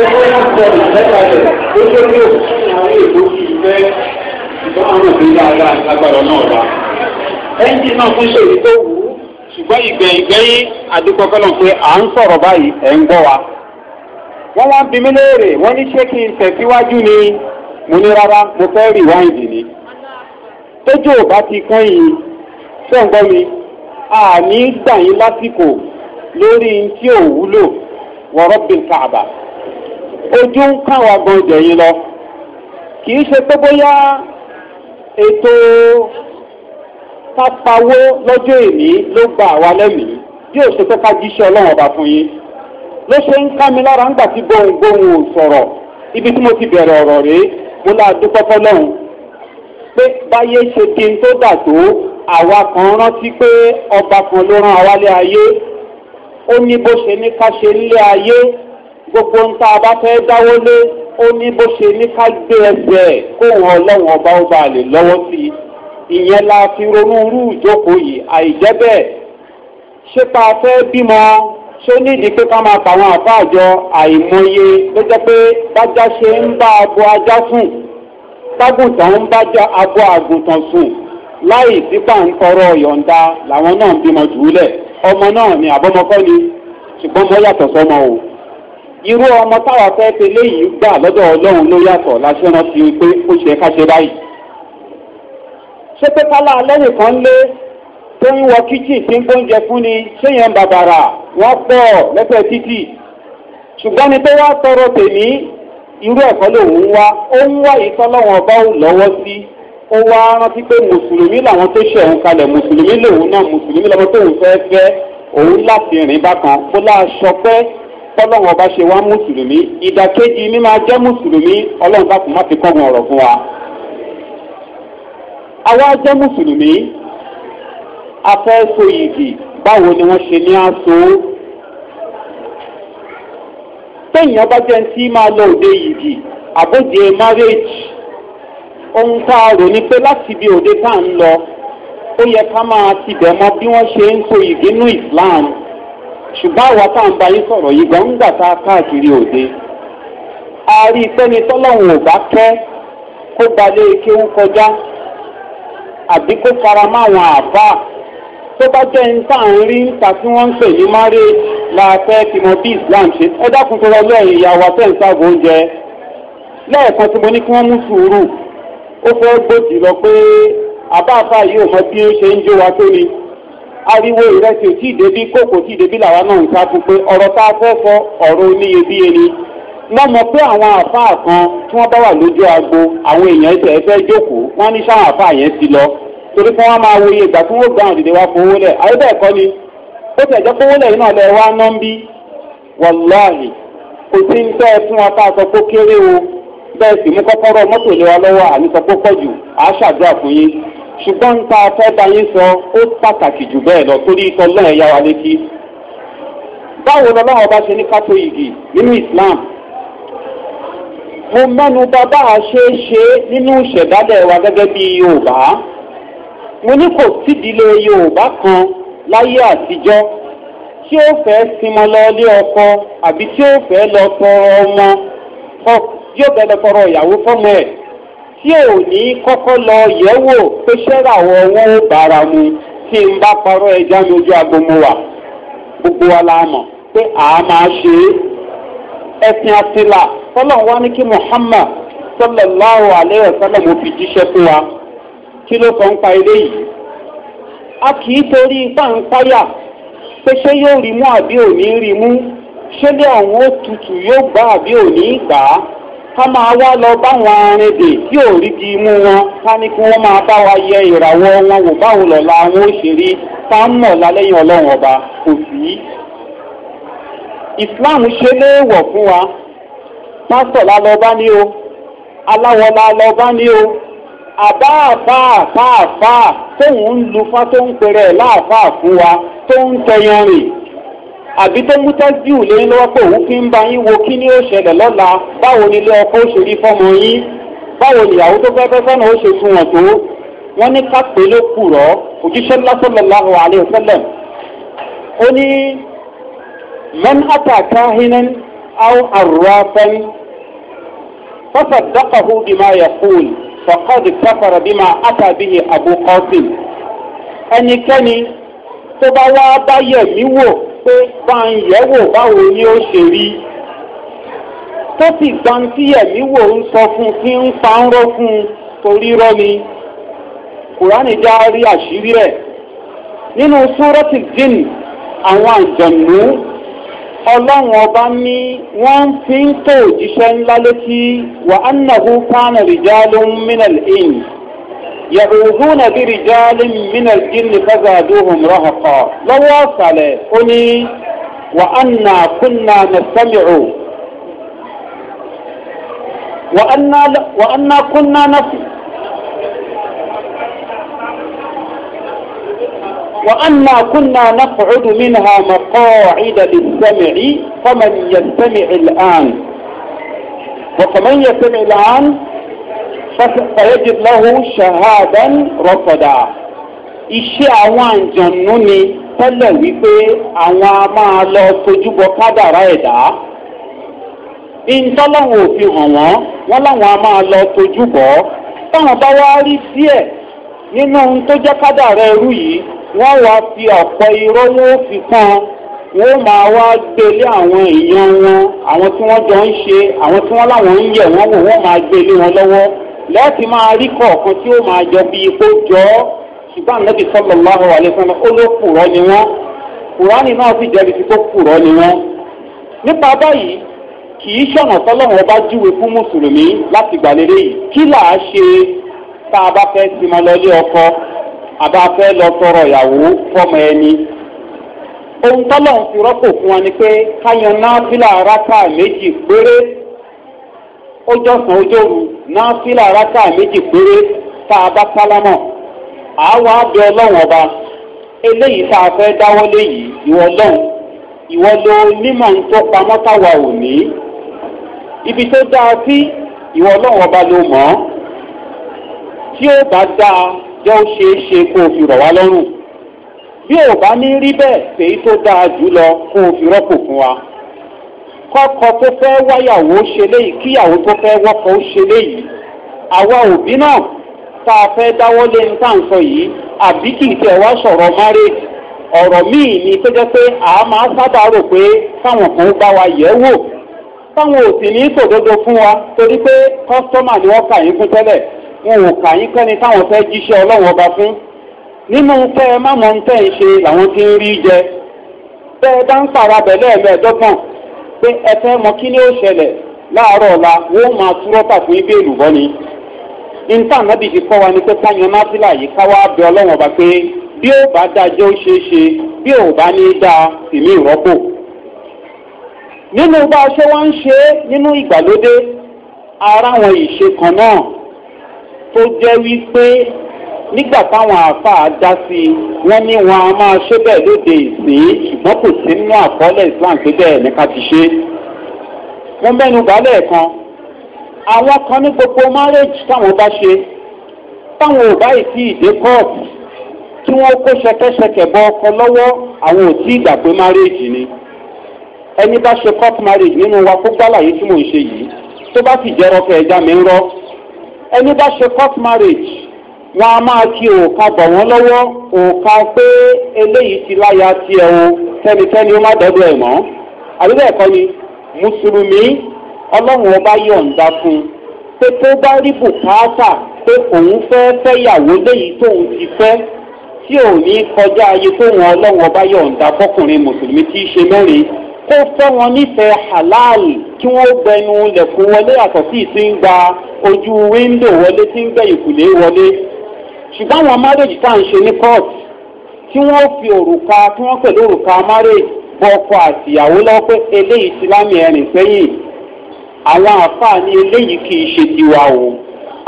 owó wọn kọ ìfẹ́kalẹ̀ ó tó ní òkú àwọn èèbó kì í fẹ́ ìbámu òbí dáadáa lágbára náà wá. ẹ́ńjì náà fún ṣe èyí tó wù ú ṣùgbọ́n ìgbẹ̀yìn gbẹ́yìn adúgbòkọ́lọ̀ pé à ń sọ̀rọ̀ báyìí ẹ̀ ń gbọ́ wa. wọ́n wá ń bi mí léèrè wọ́n ní ṣé kí n tẹ̀síwájú ni mo ní rárá mo fẹ́ rìwáìndì ni. tójú ò bá ti kán yìí ṣé ń gbọ́ mi àní gbà yín lásìkò lórí tí ò wúlò wọ́rọ́ bí kàbà ojú ń káwa gan jẹ̀yìn lọ kì í ṣe pé bóyá ètò pápáwó lọ́jọ́ èmi ló gba àwa lẹ́mìí bí ò ṣe pé ká jíṣẹ́ ọlọ́run ọba fún yín ló ṣe ń ká mi lára ńgbà tí gbohùngbohùn ò sọ̀rọ̀ ibi tí mo ti bẹ̀rẹ̀ ọ̀rọ̀ rèé mo lá dúpẹ́ fọlọ́run pé báyé ṣe kí n tó dà tó àwa kan rántí pé ọba kan ló rán àwa ayé ó ní bó ṣe ní ká ṣe nílé ayé gbogbo ń tá a bá fẹ́ dáwọ́ lé ó ní bó ṣe ní ká gbé ẹsẹ̀ kóhùn ọlọ́run ọba ó bá lè lọ́wọ́ sí i ìyẹn la fi ronú irú ìjókòó yìí àìjẹ́ bẹ́ẹ̀ ṣé tá a fẹ́ bímọ ṣé nídìí pé ká máa tàwọn àfáàjọ àìmọye ló jẹ́ pé bájá ṣe ń bá abo ajá sùn tágùntàn ń bá abo àgùntàn sùn láì sípà ń yọ̀ǹda làwọn náà bímọ jùúlẹ̀ ọmọ náà ni àbọ̀mọkọ́ ni ṣùgbọ́n mo yàtọ̀ sọmọ o irú ọmọ táwa fẹ́ tẹ́lẹ̀ yìí gbà lọ́dọ̀ ọlọ́run ló yàtọ̀ láṣẹ rántí pé ó ṣe ká báyìí. ṣé pé lẹ́yìn kan lé tó ń wọ kíchìn tí ń gbóúnjẹ fún ni ṣéyẹn bàbàrà wọ́n pọ̀ lẹ́fẹ̀ títì ṣùgbọ́n ni pé wá tọrọ tèmí irú ẹ̀kọ́ lòun ń wá ó ń wá ìtọ́lọ́wọ̀n ọba ò lọ́wọ́ sí ó wá rántí pé mùsùlùmí làwọn tó ṣe òun kalẹ̀ mùsùlùmí lòun náà mùsùlùmí lọ́mọ tóun fẹ́ fẹ́ òun láti rìn bákan kó láà kọ́lọ́wọ́ ọba ṣe wá mùsùlùmí ìdàkejì mímọ ajẹ́ mùsùlùmí ọlọ́run bá kò má fi kọ́gun ọ̀rọ̀ fún wa. àwa ajẹ́ mùsùlùmí afẹ́so yìgì báwo ni wọ́n ṣe ní aṣọ. téèyàn bá jẹ́ tí máa lọ òde yìgì àbójẹ márèèjì ohun tá a rò ni pé láti ibi òde tá à ń lọ ó yẹ ká máa tibẹ̀ mọ bí wọ́n ṣe ń so yìgì nú ìsìláàmù. ṣùgbọ́n àwa tá à ń bá yín sọ̀rọ̀ yìí gan ń gbà tá a káàkiri òde a rí i pẹ́ni tọ́lọ́hún ò bá kẹ́ kó balẹ̀ kéwú kọjá àbí kó fara mọ́ àwọn àbá tó bá jẹ́ ń tà ń rí níta tí wọ́n ń pè ní máré la fẹ́ fi mọ bí islam ṣe ẹ dákun tó rọlọ́ ìyá wa fẹ́ ń sáàbò oúnjẹ lẹ́ẹ̀kan tí mo ní kí wọ́n mú sùúrù ó fẹ́ gbòdì lọ pé àbá yìí ò mọ bí ó ṣe ń jó wa tó ni ariwo ìrẹsì òtí ìdẹ́bí kòkò tí ìdẹ́bí làwa náà ń sáfún pé ọ̀rọ̀ tá a fẹ́ fọ ọ̀rọ̀ oníyebíye ni wọ́n mọ pé àwọn àfáà kan tí wọ́n bá wà lójú agbo àwọn èèyàn ẹsẹ̀ ẹfẹ́ jókòó wọ́n ní sáwọn àfáà yẹn ti lọ torí fún wọn máa wo ìgbà tí wọ́n gbà wọn dìde wá fowó lẹ̀ àyẹ́bẹ̀ẹ́kọ́ ni ó tẹ̀jọ́ fowó lẹ̀ náà lẹ wá ná ń bí wàláhì kò sí ń tẹ́ ẹ fún wa tá a sọ pé kéré o bẹ́ẹ̀ sì mú kọ́kọ́rọ́ mọ́tò lé wa lọ́wọ́ àní sọ pé pọ̀ àá ṣàdúrà fún yín ṣùgbọ́n tá a fẹ́ bá yín sọ ó pàtàkì jù bẹ́ẹ̀ lọ torí ikọ̀ lọ́ọ̀ yá wa létí. báwo ni ọlọ́run bá ṣe ní kátó yìgì nínú islam mo mẹ́nu bàbá ṣe é ṣe nínú ìṣẹ̀dálẹ̀ wa gẹ́gẹ́ bí yorùbá mo ní kò sídìílé yorùbá kan láyé àtijọ́ tí ó fẹ́ sinmi lọ ilé ọkọ àbí tí ó fẹ́ lọ tọrọ ọmọ tí ó lọ tọrọ ìyàwó fọ́mọ ẹ̀ tí ò ní kọ́kọ́ lọ yewo pé ṣẹ́ra àwọn mu tí n bá parọ́ ẹja ní ojú gbogbo wa la mọ̀ pé à máa ṣe é ẹ̀sìn àtìlà tọ́lọ̀ wá ní kí muhammad sọlọ́láhùn àlẹ́yọ̀ sọlọ́ mo wa kí ló kàn ń a kì í torí ipá ń páyà pé ṣé yóò rí mú àbí ò ní rí mú ṣé lé ọ̀hún ó tutù yóò gbá àbí ò ní ká máa wá lọ báwọn arìnrìnde tí ò rí imú wọn ká ní kí wọ́n máa bá wa yẹ ìràwọ̀ wọn wò báwo lọ́la wọn ó ṣe ń mọ̀ lálẹ́yìn ọlọ́run ọba kò sí. islam ṣe léèwọ̀ fún wa pásítọ̀ lálọ́ bá ní o aláwọ̀ lálọ́ bá ní o àbá tóun ń lu fá tó ń pèrè láàfá fún wa tó ń tẹyan àbí tó mú tẹ́síù lórí lọ́wọ́ pé òun fi ń ba yín wo kí ni ó ṣẹlẹ̀ lọ́la báwo ni ilé ọkọ ó ṣe rí fọ́mọ yín báwo ni ìyàwó tó fẹ́ fẹ́ sọ́nà ó ṣe fún wọn tó wọ́n ní ká ló kù rọ́ òjíṣẹ́ lọ́sọ̀lọ́láhu alẹ́ òsẹ́lẹ̀ ó ní mẹ́n àtàkà hinan áwọ̀ àrùrà fẹ́n fọ́sà dákàhù bí máa yẹ fún fọ́kọ́dì káfàrà bí máa àtàbí àbúkọ́sìn ẹnikẹ́ni tó bá wá bá mí wò pé bá ń yẹ̀wò báwo ni ó ṣe rí tó sì gbọ́n tí ẹ̀mí wò ń sọ fún tí ń pa ń rọ́ fún un torí rọ́ ni kùránì já rí àṣírí ẹ̀ nínú súrọ́tì dín àwọn àjọ̀nú ọlọ́run ọba ní wọ́n fi ń tó òjíṣẹ́ ńlá létí wà á nàhú kánà rìjálóhùn mínàlì ẹ̀yìn. يعوذون برجال من الجن فزادوهم رهقا لواصل وصل وأنا كنا نستمع وأنا, وأنا كنا نسمع وأنا كنا نقعد منها مقاعد للسمع فمن يستمع الآن وفمن يستمع الآن fẹ̀yẹ́jì lọ́hùn ṣàhádán rọ́kọ̀dà iṣẹ́ àwọn àjànú ni tẹ́lẹ̀ wípé àwọn a máa lọ tojúbọ kádàrá ẹ̀dá ìntọ́láwọn òfin hàn wọ́n wọ́n láwọn a máa lọ tojúbọ táwọn bá wá rí díẹ̀ nínú ohun tó jẹ́ kádàrá ẹrú yìí wọ́n wá fi ọ̀pọ̀ irọ́ wọn ó fi kan wọ́n máa wá gbélé àwọn èèyàn wọn àwọn tí wọ́n jọ ń ṣe àwọn tí wọ́n láwọn ń yẹ̀ wọ́n wò wọ́n máa gbélé wọn lọ́wọ́. láti máa rí kọ̀ọ̀kan tí ó máa jọ bí ipò jọ ọ́ ṣùgbọ́n ànábì sọ́lọ̀ láhùn àlẹ́sọ́nà ó ló kùrọ́ ni wọ́n kùránì náà sì jẹ́bi tí tó kùrọ́ ni wọ́n. nípa báyìí kì í fún mùsùlùmí láti gbàlérè yìí kí là á ṣe tá ọkọ àbá fẹ́ lọ ìyàwó fún wa ni pé náà fílà rákà méjì péré ó jọ̀sán ojóru náà fílà rákà méjì péré tá a bá pálámọ̀ àáwọ̀ abẹ ọlọ́run ọba eléyìí tá a fẹ́ dáwọ́lé yìí ìwọ lọ́hùn ìwọ ló mímọ̀ ń tó pamọ́ táwa ò ní ibi tó dáa sí ìwọ ọlọ́run ọba ló mọ̀ ọ́ tí ó bá dáa jẹ́ ó ṣeé ṣe kó o fi rọ̀ wá lọ́rùn bí ò bá ní rí bẹ́ẹ̀ èyí tó dáa jù lọ kó o fi rọ́pò fún wa kọ́kọ́ tó fẹ́ wáyàwó ṣe léyìí kíyàwó tó fẹ́ wọ́kọ̀ ó ṣe àwa òbí náà tá a fẹ́ dáwọ́ lé ní tá à ń sọ yìí àbí kì í tiẹ̀ wá sọ̀rọ̀ márè ọ̀rọ̀ míì ni tó jẹ́ pé a máa sábà rò pé káwọn kan bá wa yẹ̀ wò táwọn ò sì ní tòdodo fún wa torí pé kọ́sítọ́mà ni wọ́n kà yín fún tẹ́lẹ̀ wọn ò kà yín kẹ́ni táwọn fẹ́ jíṣẹ́ ọlọ́run ọba fún nínú tẹ́ ẹ má mọ̀ ń tẹ́ ń ṣe làwọn ti ń rí jẹ tẹ́ ẹ bá ń pàrabẹ̀ pé ẹ fẹ́ mọ kí ni ó ṣẹlẹ̀ láàárọ̀ ọ̀la wọ́n máa túrọ́pà fún ibé ìlúbọ́ ni níta nàbì ti kọ́ wa ni pé káyan náfìlà yìí ká wá bẹ ọlọ́wọ́n ọba pé bí ó bá dájọ́ ó ṣeé ṣe bí ò bá ní dáa tèmi ìrọ́pò nínú bá a ṣe wá ń ṣe é nínú ìgbàlódé ara àwọn ìṣe kan náà tó jẹ́ wípé nígbà táwọn àáfàá dá sí i wọ́n ní wọn a máa ṣe bẹ́ẹ̀ lóde ìsìn ṣùgbọ́n kò sí nínú àkọọ́lẹ̀ islam pé bẹ́ẹ̀ ní ká ti ṣe. wọ́n mẹ́nu bàálẹ̀ kan àwọn kan ní gbogbo márẹ́jì táwọn bá ṣe táwọn ò báyìí tí ìdè kọ́ọ̀pù tí wọ́n kó ṣẹkẹ́ṣẹkẹ̀ bọ ọkọ lọ́wọ́ àwọn ò tí ì gbà pé ni ẹni bá ṣe court marriage nínú wa kó gbálàyé tí mò ń ṣe yìí tó bá sì jẹ́rọ fẹ́ ẹja mi ń rọ́ ẹni bá ṣe court marriage wọn a máa fi òòkan bọ̀ wọ́n lọ́wọ́ òòkan pé eléyìí ti láya tiẹ̀ o tẹnikẹ́ni ó má dọ́dọ̀ ẹ̀ mọ́ àbíbẹ̀ ẹ̀kọ́ ni mùsùlùmí ọlọ́run ọba yọ̀ǹda fún un pé tó bá rí bùkátà pé òun fẹ́ fẹ́yàwó léyìí tóun ti fẹ́ tí ò ní kọjá ayé tóun ọlọ́run ọba yọ̀ǹda fọkùnrin mùsùlùmí tí í ṣe mẹ́rin kó fẹ́ wọn nífẹ̀ẹ́ halali kí wọ́n gbẹnu lẹ̀kùn wọlé yàtọ̀ sí ìsìn gba ojú wíńdò wọlé tí ń gbẹ̀yìnkùlé wọlé ṣùgbọ́n àwọn márèèjì tá à ń ṣe ní court tí wọ́n fi òrùka tí wọ́n pẹ̀lú òrùka márèèjì bọ ọkọ àtìyàwó lọ́wọ́ pé eléyìí ti lámì ẹ̀rìn sẹ́yìn àwọn àfáà ní eléyìí kì í ṣe tiwa o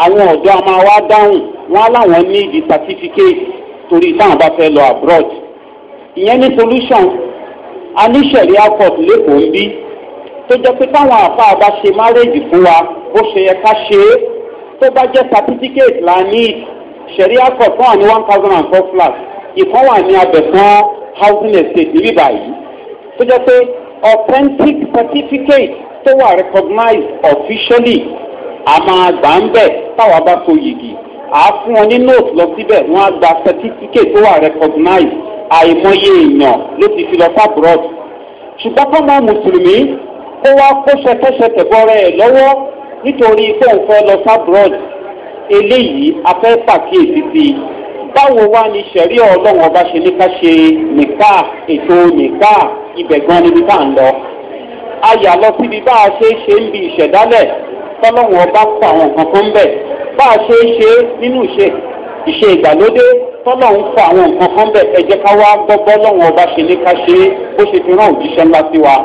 àwọn ọ̀dọ́ a máa wá dáhùn wọn aláwọn ní ìdí certificate torí táwọn bá fẹ́ lọ abroad ìyẹn ní solution a ní sẹ̀ríà court lẹ́kọ̀ọ́ ń bí tó jẹ́ pé táwọn àfáà bá ṣe márèèjì fún wa bó ṣe yẹ ká ṣe é tó bá jẹ́ certificate la need sẹ̀ríà kọ̀ fún àní one thousand and four flat ìkan wà ní abẹ̀sán housing estate níbí báyìí tó jẹ́ pé authentic certificate tó wà recognized officially a máa gbà ń bẹ̀ táwa bá so yìgì à fún wọn ní note lọ síbẹ̀ wọ́n á gba certificate tó wà recognized àìmọye èèyàn ló ti fi lọ fàbúrọ̀d ṣùgbọ́n fọ́nmọ mùsùlùmí ó wá kó ṣẹkẹṣẹkẹ bọ́rẹ̀ ẹ̀ lọ́wọ́ nítorí pé òun fẹ́ lọ fàbúrọ̀d eléyìí a fẹ́ pàkíyèsí sí i báwo wá ni sẹ̀rí ọlọ́run ọba ṣe ní ká ṣe nìka ètò nìka ibẹ̀ gan níbi tá à ń lọ a yà lọ síbi bá a ṣe é ṣe ń bi ìṣẹ̀dálẹ̀ tọ́lọ́run ọba kọ àwọn nǹkan kan bẹ̀ bá a ṣe é ṣe nínú ìṣe ìṣe ìgbàlódé tọ́lọ́run kọ àwọn nǹkan kan bẹ̀ ẹ jẹ́ ká wá gbọ́gbọ́ lọ́run ọba ṣe ní ká ṣe é bó ṣe fi rán òjíṣẹ́ ńlá sí wa.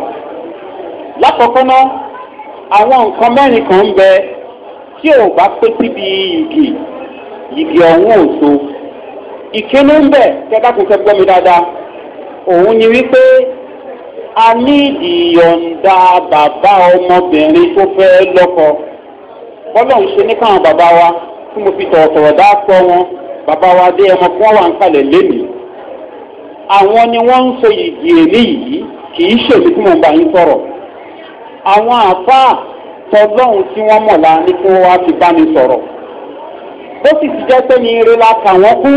lákọ̀ọ́kọ́ náà àwọn nǹkan mẹ́rin kan ń bẹ tí ò bá pé síbi igi igi ọ̀hún òso ìkíní ń bẹ̀ tẹ́tàkùn fẹ́ gbọ́ mi dáadáa òun ni wípé a ní ìyọ̀ǹda bàbá ọmọbìnrin tó fẹ́ lọ́kọ bọ́lá ń ṣe ní káwọn bàbá wa tí mo fi tọ̀wọ̀tọ̀wọ̀ dá sọ wọn bàbá wa dé ọmọ fún wa ń kalẹ̀ lénìí àwọn ni wọ́n ń so yìgì èmi yìí kì í ṣèlú tí mo bá yín sọ̀rọ̀ àwọn àfáà tọlọ́hún tí wọ́n mọ̀ la ní kí wọ́n wá fi bá mi sọ̀rọ̀ bó sì ti jẹ́ pé ní eré la wọ́n kú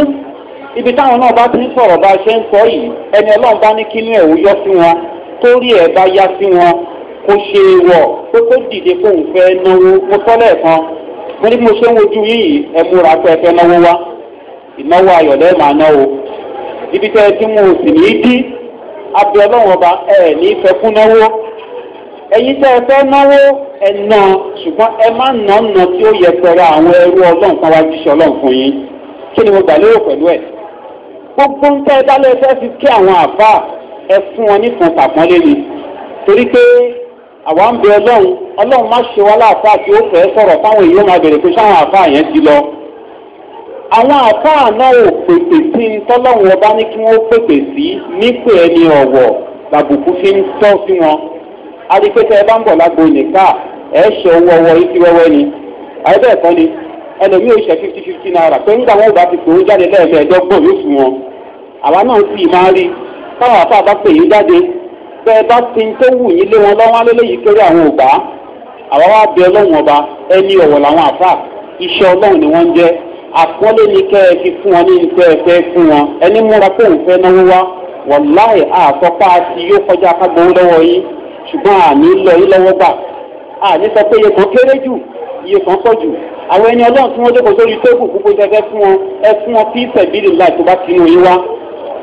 ibi táwọn náà bá ti ń sọ̀rọ̀ bá a ṣe ń sọ yìí ẹni ọlọ́run bá ní kínú ẹ̀ ó yọ sí wọn torí ẹ̀ bá yá sí wọn kò ṣe é wọ̀ pé kó dìde kóun fẹ́ náwó mo sọ lẹ́ẹ̀kan mo ní bí mo ṣe ń wojú yín yìí ẹ múra pé ẹ fẹ́ náwó wá ìnáwó ayọ̀lẹ́ máa ná o ibi tẹ́ ẹ tí mo sì ní í dí abẹ́ ọlọ́run ọba ẹ ní fẹ́ kú náwó ẹ̀yin tẹ́ ẹ fẹ́ náwó ẹ ná ṣùgbọ́n ẹ má ná ná tí ó yẹ pẹ̀lú àwọn ẹrú ọlọ́run kan wájú ṣe ọlọ́run fún yín kí ni mo gbà lérò pẹ̀lú ẹ̀ gbogbo ń tẹ́ dálé ẹ fẹ́ fi kí àwọn àbá ẹ fún wọn nìkan tàpọ́nlé ni torí pé àwa ń bẹ ọlọ́run ọlọ́run má ṣe wá láàfà tí ó fẹ́ sọ̀rọ̀ fáwọn èèyàn máa bèrè pé sáwọn àfà yẹn ti lọ àwọn àfà náà ò pèpè sí ní tọ́lọ́run ọba ní kí wọ́n pèpè sí nípò ẹni ọ̀wọ̀ adipẹ́tẹ́ ẹ bá ń bọ̀ lágbo nìka ẹ ṣe owó ọwọ́ ifi wẹ́wẹ́ ni àyẹ̀bẹ̀ ẹ̀kọ́ ni ẹlòmíì ò ṣe fifty fifty naira pé nígbà wọn ò bá ti pè é jáde lẹ́ẹ̀mẹ́ẹ̀dọ́gbọ̀n yóò fún wọn àwa náà sì máa rí táwọn afá bá pè é jáde bẹ́ ẹ bá ti ń tó wù yín lé wọn lọ́wọ́ alẹ́lẹ́yìí kéré àwọn ògbà àwa wá bẹ ọlọ́run ọba ẹni ọ̀wọ̀ làwọn afá iṣẹ́ ọlọ́run ni wọ́n ń jẹ́ àpọ́nlé ni kẹ́ ẹ fi fún wọn ní nǹkan ẹ fẹ́ fún wọn ẹni múra pé òun fẹ́ náwó wá wọ̀láì àtọ́pá ti yóò kọjá ká gbowó lọ́wọ́ yín ṣùgbọ́n àní lọ yí lọ́wọ́ gbà àní sọ pé iye kan kéré jù iye kan pọ̀ jù àwọn ẹni ọlọ́run tí wọ́n jókòó sórí tóògùn púpọ̀ jẹ́fẹ́ fún wọn ẹ fún wọn fí sẹ̀bílì láì tó bá tinú yín wá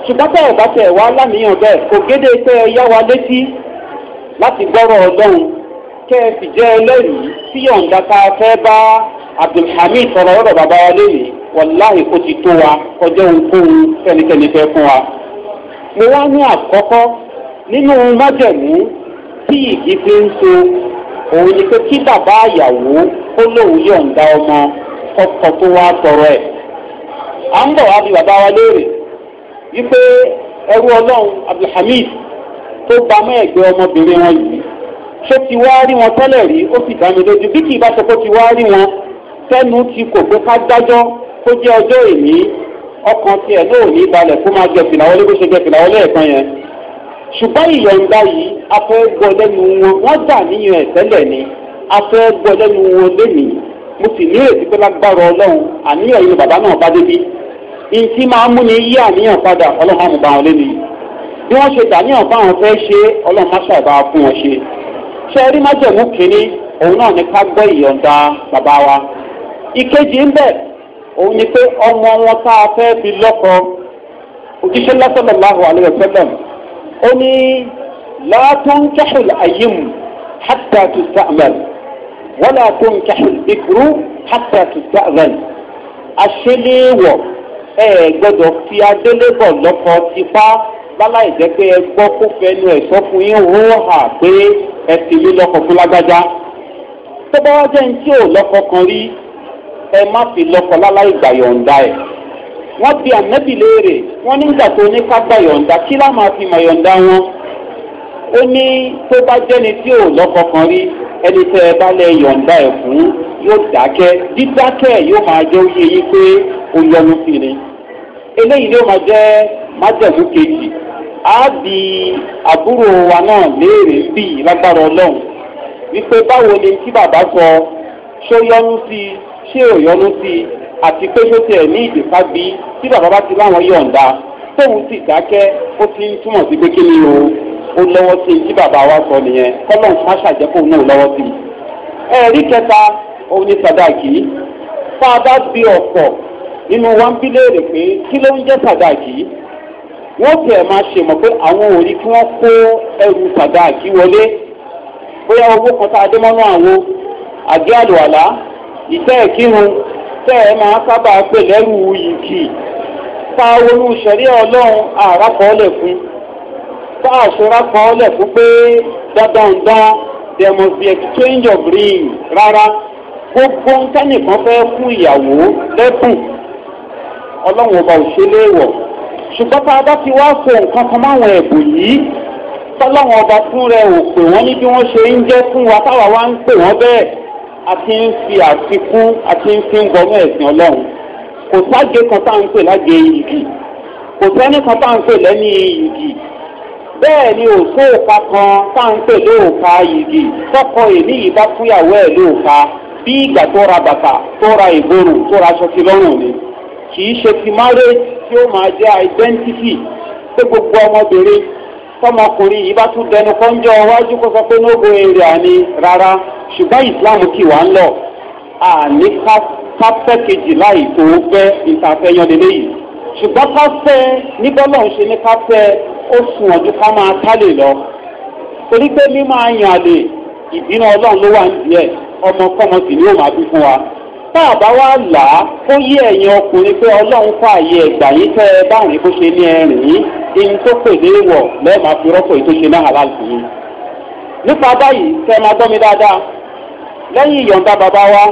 ṣùgbọ́n tẹ̀ ọ̀bá tẹ̀ wá láníyàn bẹ́ẹ̀ kò gédé pé ẹ yá wa létí láti gbọ́rọ̀ ọlọ́run kẹ́ ẹ sì jẹ́ ẹlẹ́rìí tí yọ̀ǹda ká fẹ́ bá abdulhamid sọ̀rọ̀ ọ̀rọ̀ bàbá wa lónìí wàláhì ó ti tó wa kọjá ohunkóhun fẹ́nikẹ́ni fẹ́ fún wa. mo wá ní àkọ́kọ́ nínú májẹ̀mú tí ìdí fi ń so òun ni pé kí bàbá àyàwó ó lóun yọ̀ǹda ọmọ ọkọ tó wá tọrọ ẹ̀. à ń bọ̀ wá bí bàbá wa léèrè wípé ẹrú ọlọ́run abdulhamid tó gba mọ́ ẹ̀gbẹ́ ọmọbìnrin wọn yìí ṣé ti wá rí wọn tẹ́lẹ̀ rí ó sì dá mi lójú bí kì í bá sọ pé ti wá rí wọn tẹ́nu ti kò pé ká dájọ́ kó jẹ́ ọjọ́ èmi ọkàn tiẹ̀ náà balẹ̀ kó máa jẹ fìlàwọlé bó ṣe jẹ fìlàwọlé ẹ̀kan yẹn ṣùgbọ́n ìyọ̀ǹda yìí a fẹ́ gbọ́ lẹ́nu wọn wọ́n dà níyàn ẹ̀ tẹ́lẹ̀ ni a fẹ́ gbọ́ lẹ́nu wọn lénìí mo sì ní èsì pé lágbára ọlọ́run àníyàn yìí bàbá náà bá débi ìtì máa mú ni yí àníyàn padà ọlọ́run àmúba wọn lẹ́nu yìí bí wọ́n ṣe dàníyàn fáwọn fẹ́ ṣe ọlọ́run má ṣàbá fún wọn ṣe ṣe rí májẹ̀mú kínní òun náà ní ká gbọ́ ìyọ̀ǹda bàbá wa ìkejì ń bẹ̀ òun ni pé ọmọ wọn tá a fẹ́ fi lọ́kọ òjíṣẹ́ lọ́sọ̀lọ́láhùn àlẹ́ ọ̀sẹ́lẹ̀mù ó ní látún kẹ́hìn ayim hàtà tó sàmẹ́l wọ́lá tó ń kẹ́hìn bíkúrú hàtà tó sàmẹ́l àṣeléwọ̀ ẹ gbọ́dọ̀ fi adélébọ̀ lọ́kọ̀ tipá láláì jẹ́ pé ẹ gbọ́ kó fẹnu ẹ̀ sọ fún yín ró hà pé ẹ ti lé lọ́kọ̀ fún lágbájá tó bá wá jẹ́ ní tí ò lọ́kọ̀ kan rí ẹ má fi lọ́kọ̀ láláì gbàyọ̀ǹda ẹ̀ wọ́n bi ànábì léèrè wọ́n nígbà tó ní ká gbà yọ̀ǹda kí lá máa fi mọ̀ yọ̀ǹda wọn. ó ní tó bá jẹ́ni tí ò lọ́kọ̀ kan rí ẹni tẹ́ ẹ bá lẹ yọ̀ǹda ẹ̀ fún yóò dákẹ́ dídákẹ́ yóò máa jẹ́ oyè yín pé ó yọnu sí ni. eléyìí ló máa jẹ́ májẹ̀mú kejì á bi àbúrò wa náà léèrè bí lágbára ọlọ́run wípé báwo ni tí bàbá sọ ṣó yọnu sí ṣé ò yọnu sí i àti pé tó tẹ̀ ní ìdìpá bí tí bàbá bá ti láwọn yọ̀ǹda tóun sì dákẹ́ ó ti ń túmọ̀ sí pé kí ni o ó lọ́wọ́ sí tí bàbá wa sọ nìyẹn kọ́lọ́n má ṣàjẹ́kọ̀ náà lọ́wọ́ sí i. ẹ̀rí kẹta òun ni sàdáàkì tá a bá bí ọ̀pọ̀ nínú wọn bí léèrè pé kí ló ń jẹ́ sàdáàkì wọ́n tẹ̀ máa ṣe mọ̀ pé àwọn ò rí kí wọ́n kó ẹrù sàdáàkì wọlé bóyá owó kan tá a dé mọ́nú àwo àgé àlùwàlá ìtẹ́ ẹ̀kírun tẹ́ ẹ máa sábà pè lẹ́rù yìí ta wọnú sẹ̀rí ọlọ́run àràkọọ́lẹ̀ fún tá àṣọrakọọ́lẹ̀ fún pé dandandan there must be exchange of ring rárá gbogbo ntẹ́nìkan fẹ́ fún ìyàwó lẹ́bùn ọlọ́run ọba òṣèlú èèwọ̀ ṣùgbọ́n tá a bá ti wá so nǹkan kan máwọn ẹ̀bùn yìí tọ́lọ́run ọba fún rẹ̀ ò pè wọ́n ní bí wọ́n ṣe ń jẹ́ fún wa táwa wá ń pè wọ́n bẹ́ẹ̀ a ti ń fi àfikún a ti ń fi ń gbọmọ ẹ̀sìn ọlọ́run kò sáàgé kan tá à ń pè lágé ìgì kò sẹ́ni kan tá à ń pè lẹ́ni ìgì bẹ́ẹ̀ ni òṣó òka kan tá à ń pè lóòka ìgì tọkọ èmi yìí bá fúyàwó ẹ̀ lóòka bí ìgbà tó ra bàtà tó ra ìgboro tó ra aṣọ ti lọ́rùn ni kì ṣe ti marriage tí ó máa jẹ́ identity pé gbogbo ọmọbìnrin tọmọkùnrin yìí bá tún dẹnu kọ́ńjọ́ iwájú kó sọ pé nógo èrè àní rárá ṣùgbọ́n ìsìláàmù kì wá ń lọ àní ká fẹ́ kejì láì tó fẹ́ ìtafẹ́ yan lélẹ́ yìí ṣùgbọ́n ká fẹ́ níbọ́lọ̀ ń ṣe ní ká fẹ́ ó sùn ọdún ká máa kálè lọ torí pé mí máa yàn àlè ìbínú ọlọ́run ló wà ń di ẹ̀ ọmọkọ́mọ sì ni ó máa bí fún wa tá a bá wá là á ó yí ẹ̀yin ọkùnrin pé ọlọ́run fà yí ẹgbà yín tẹ́ ẹ bá rìn bó ṣe ní ẹrìn yín ihun tó pè ní ìwọ̀ lẹ́ẹ̀ máa fi rọ́pò ètò ṣe náà halal fún yín nípa báyìí tẹ́ máa gbọ́ mi dáadáa lẹ́yìn ìyọ̀ǹda bàbá wa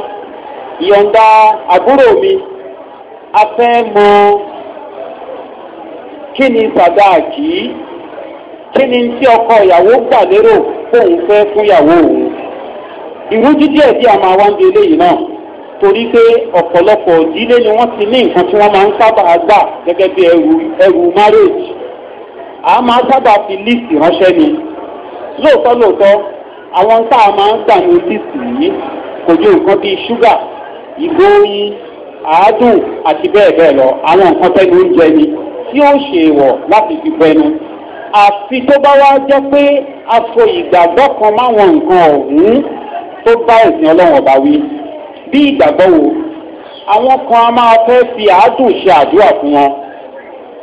ìyọ̀ǹda àbúrò mi a fẹ́ mọ kí ni sàdáàkì kí ni tí ọkọ ìyàwó gbà lérò fóun fẹ́ fún ìyàwó òun ìrújú díẹ̀ tí a máa wá ń di eléyìí náà torí pé ọ̀pọ̀lọpọ̀ ìdílé ni wọ́n ti ní nǹkan tí wọ́n máa ń sábà gbà gẹ́gẹ́ bí ẹrù ẹrù marriage a máa sábà fi list ránṣẹ́ ni lóòótọ́ lóòótọ́ àwọn tá a máa ń gbà ní ọ́fíìsì yìí kò ju nǹkan bíi ṣúgà ìgò oyin àádùn àti bẹ́ẹ̀ bẹ́ẹ̀ lọ àwọn nǹkan tẹ́nu ń jẹ ni tí ó ṣe wọ̀ láti fi bẹnu àfi tó bá wá jẹ́ pé a fo ìgbàgbọ́ kan máwọn nǹkan ọ̀hún tó bá ẹ̀sìn ọlọ́run ọba wí bí ìgbàgbọ́ wo àwọn kan a máa fẹ́ fi àádùn ṣe àdúrà fún wọn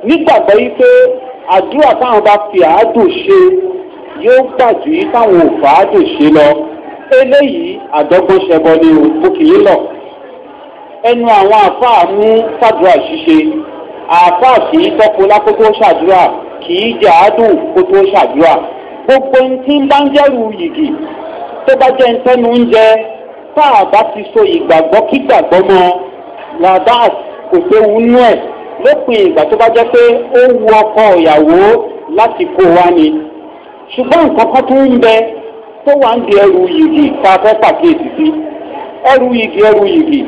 nígbàgbọ́ yìí pé àdúrà táwọn bá fi àádùn ṣe yóò gbàjú yìí táwọn òfàádò ṣe lọ eléyìí àdọ́gbọ́sẹ̀bọ ni òkìyí lọ ẹnu àwọn àfáà mú fàdúrà ṣíṣe àfáà kì í tọ́kọ lákòókò ṣàdúrà kì í jẹ àádùn kó tó ṣàdúrà gbogbo ní tí ń bá ń jẹ́rù yìgì tó bá jẹ́ ń tẹ́nu oúnjẹ tá a bá ti so ìgbàgbọ́ kí gbàgbọ́ mọ́ ladas kò séwu nú ẹ̀ lópin ìgbà tó bá jẹ́ pé ó wu ọkọ ìyàwó láti kó wa ni ṣùgbọ́n nǹkan tó ń bẹ tó wà ń di ẹrù yìgì tá fẹ́ pàkíyèsí sí ẹrù yìgì ẹrù yìgì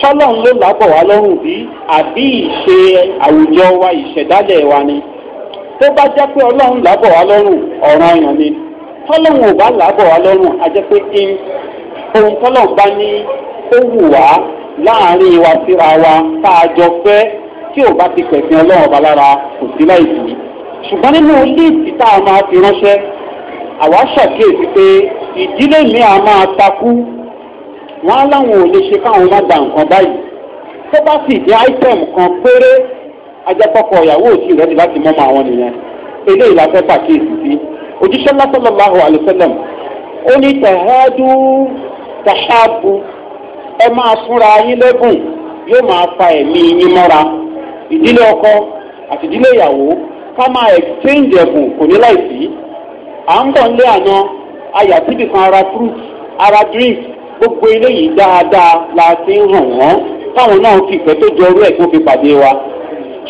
ṣọ́lọ́n ló lábọ̀ wá lọ́rùn bí àbí ìṣe àwùjọ wa ìṣẹ̀dálẹ̀ wa ni tó bá jẹ́ pé ọlọ́run lábọ̀ wá lọ́rùn ọ̀ràn ayàn ni tọ́lọ́run ò bá lábọ̀ wá lọ́rùn a jẹ́ pé kí ohun tọ́lọ́run bá ní ó wù wá láàrin wa síra wa tá a jọ fẹ́ tí ò bá ti pẹ̀sìn ọlọ́run ọba lára kò sí láì sí ṣùgbọ́n nínú líìsì tá a máa ránṣẹ́ àwa ṣàkíyèsí pé ìdílé mi a máa takú wọn á láwọn ò lè ṣe káwọn má gba nǹkan báyìí tó bá sì jẹ́ item kan péré ajẹ́pọ̀pọ̀ ìyàwó òsì rẹ̀ ni láti mọ́mọ́ àwọn nìyẹn eléyìí la fẹ́ pàkíyèsí sí òjíṣẹ́ lásánlọ́láhu àlùsẹ́lẹ̀m ó ní tẹ̀hẹ́dú tàṣáàbù ẹ máa fúnra yín lẹ́bùn yóò máa fa ẹ̀mí yín mọ́ra ìdílé ọkọ àti ìyàwó ká máa exchange ẹ̀bùn kò ní láìsí à ń bọ̀ nílé àná ayà síbi kan ara fruit ara drink gbogbo eléyìí dáadáa la ti ń hàn wọ́n táwọn náà fi ìfẹ́ tó jọ orú ẹ̀ tó fi pàdé wa